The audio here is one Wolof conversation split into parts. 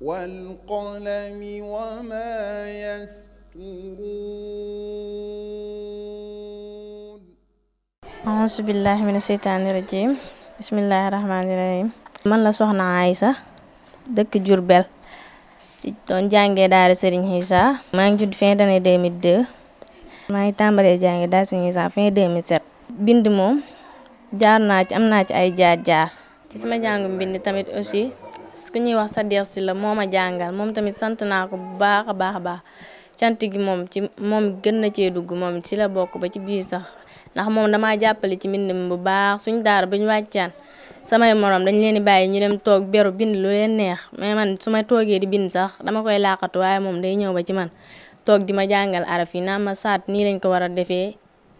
والقلم وما يسطرون أعوذ بالله من الشيطان الرجيم بسم الله الرحمن الرحيم man la soxna sax dëkk Diourbel doon jàngee daara Serigne Issa maa ngi judd fin d'année 2002 maa ngi tàmbalee jàngee daara Serigne Issa fin 2007 bind moom jaar naa ci am naa ci ay jaar jaar ci sama jàngu bind tamit aussi ku ñuy wax Sadio si la moo ma jàngal moom tamit sant naa ko bu baax a baax a baax cant gi moom ci moom gën na cee dugg moom ci la bokku ba ci biir sax ndax moom damaa jàppale ci mbind bu baax suñu daara bu ñu wàccaan samay morom dañ leen di bàyyi ñu dem toog beru bind lu leen neex mais man su ma toogee di bind sax dama koy laaxatu waaye moom day ñëw ba ci man toog di ma jàngal araf yi naa ma saat nii lañ ko war a defee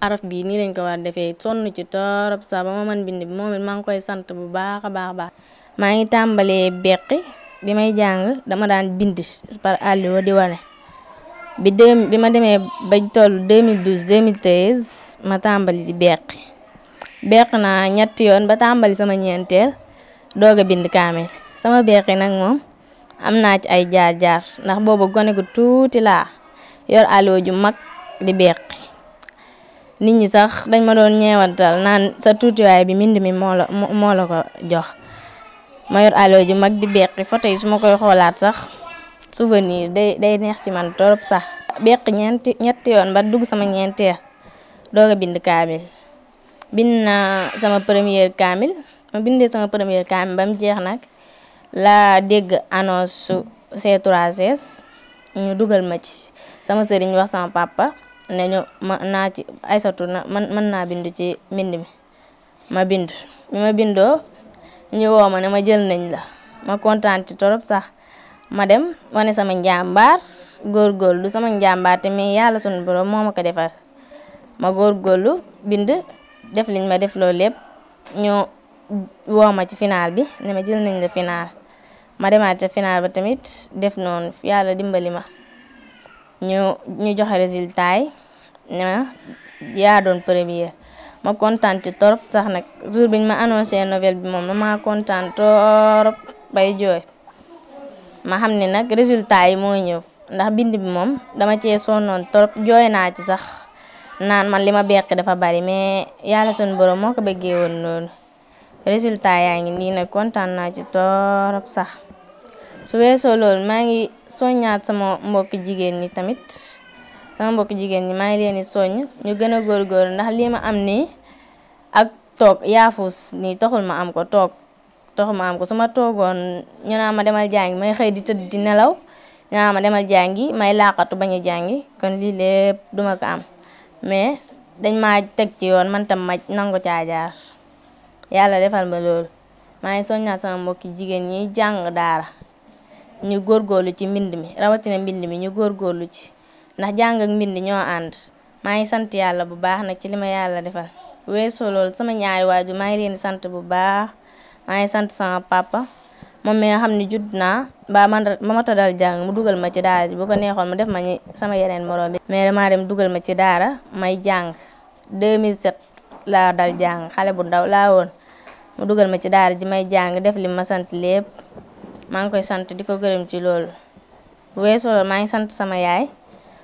araf bii nii lañ ko war a defee sonn ci torop sax ba ma bind moom maa ngi koy sant bu baax a baax a maa ngi tàmbalee beqi bi may jàng dama daan bind par àlluwa di wane bi deux bi ma demee ba toll 2012 2013 ma tàmbali di beqi beq na ñetti yoon ba tàmbali sama ñeenteel doog a bind kaamil sama beqi nag moom am naa ci ay jaar-jaar ndax boobu gone gu tuuti laa yor àlluwa ju mag di beqi nit ñi sax dañ ma doon ñeewantal naan sa tuutiwaay bi mbind mi moo la la ko jox mayor yor allo mag di beqi foto yi su ma koy xoolaat sax souvenir day day neex ci man torop sax beqi ñeenti ñetti yoon ba dugg sama ñeenteel doog bind kaamil bind naa sama première kaamil ma bindee sama première kaamil ba mu jeex nag laa dégg annonce su c 3 ñu dugal ma ci sama sëriñ wax sama papa ne ñu ma naa ci Aysatu na man mën naa bindu ci mbind mi ma bind bi ma bindoo ñu woo ma ne ma jël nañ la ma kontaan ci torop sax ma dem wane sama sama góor góorlu sama njàmbaar te mais yàlla sunu borom moo ma ko defar ma góor góorlu bind def liñ ma def loolu lépp ñu woo ma ci final bi ne ma jël nañ la final ma demaat ca final ba tamit def noonu yàlla dimbali ma ñu ñu joxe résultat yi ne yaa doon première ma kontaan ci torop sax nag jour biñ ma annoncé nouvelle bi moom ma maa kontaan torop bay jooy ma xam ne nag résultat yi mooy ñëw ndax bind bi moom dama cee sonnoon torop jooy naa ci sax naan man li ma beq dafa bari mais yàlla sun borom moo ko bëggee woon noonu résultat yaa ngi nii nag kontaan naa ci torop sax su weesoo loolu maa ngi soññaat sama mbokk jigéen ñi tamit sama mbokk jigéen ñi maa ngi leen soññ ñu gën a góorgóorlu ndax lii ma am ni ak toog yaafus nii taxul ma am ko toog taxul ma am ko su ma toogoon ñu naa ma demal jàngi may xëy di tëdd di nelaw ñu naa ma jàngi may laqatu bañ a jàngi kon lii lépp duma ko am mais dañ maa teg ci yoon man tam ma nangu caa jaar yàlla defal ma loolu maa ngi soññaat sama mbokki jigéen ñi jàng daara ñu góor góorlu ci mbind mi rawatina mbind mi ñu góor góorlu ci ndax jàng ak mbind ñoo ànd maa ngi sant yàlla bu baax nag ci li ma yàlla defal weesoo loolu sama ñaari waajur maa ngi leen sant bu baax maa ngi sant sama papa moom mi nga xam ne judd naa ba man ba dal jàng mu dugal ma ci daara ji bu neexoon mu def ma ñi sama yeneen morom bi mais damaa dem dugal ma ci daara may jàng 2007 laa dal jàng xale bu ndaw laa woon dugal ma ci daara ji may jàng def li ma sant lépp maa ngi koy sant di ko gërëm ci loolu weesoo maa ngi sant sama yaay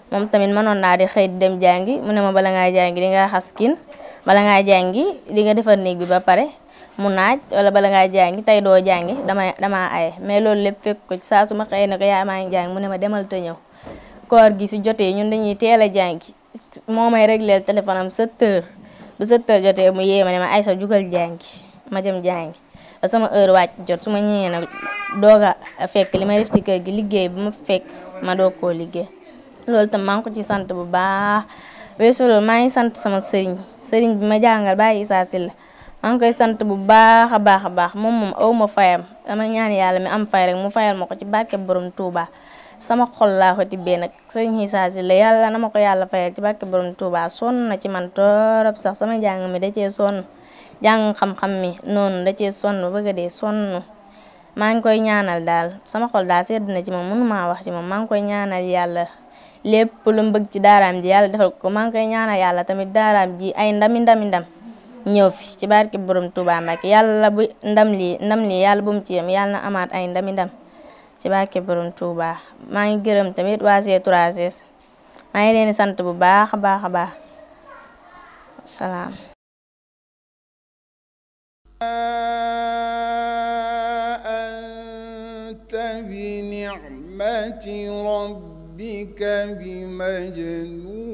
moom tamit mënoon naa di xëy di dem jàngi mu ne ma bala ngaa jàngi di nga xaskin bala ngaa jàngi di nga defar néeg bi ba pare mu naaj wala bala ngaa jàngi tey doo jàngi dama damaa aye mais loolu lépp fekk ko ci saa su ma xëyee ne ko yaa maa ngi jàngi mu ne ma demal te ñëw koor gi su jotee ñun dañuy teel a jàngi moo may régleel téléphone am 7 heures bu jotee mu yee ma ne ma ay sa jugal jàngi ma dem jàngi ba sama heure wàcc jot su ma ñëwee nag doog a fekk li may def ci kër gi liggéey bu ma fekk ma doog koo liggéey loolu tam maa ngi ko ci sant bu baax weesu loolu maa ngi sant sama sëriñ sëriñ bi ma jàngal Baye Issa Sylla maa ngi koy sant bu baax a baax a baax moom moom ma fayam dama ñaan yàlla mi am fay rek mu fayal ma ko ci barke borom Touba sama xol laa ko tibbee nag sëriñ Issa Sylla yàlla na ma ko yàlla fayal ci barke borom Touba sonn na ci man torop sax sama jàng mi da cee sonn jàng xam mi noonu da cee sonn bëgg a maa ngi koy ñaanal daal sama xol daal sedd na ci moom maa wax ci moom maa ngi koy ñaanal yàlla lépp lu mu ci daaraam ji yàlla defal ko maa ngi koy ñaanal yàlla tamit daaraam ji ay ndami ndami ndam ñëw fi ci barke borom Touba Mbacké yàlla bu ndam lii ndam lii yàlla bu mu ci yem yàlla na amaat ay ndami ndam ci barke borom Touba maa ngi gërëm tamit waa C3S maa ngi leen di sant bu baax a baax a baax rabbika bi majnun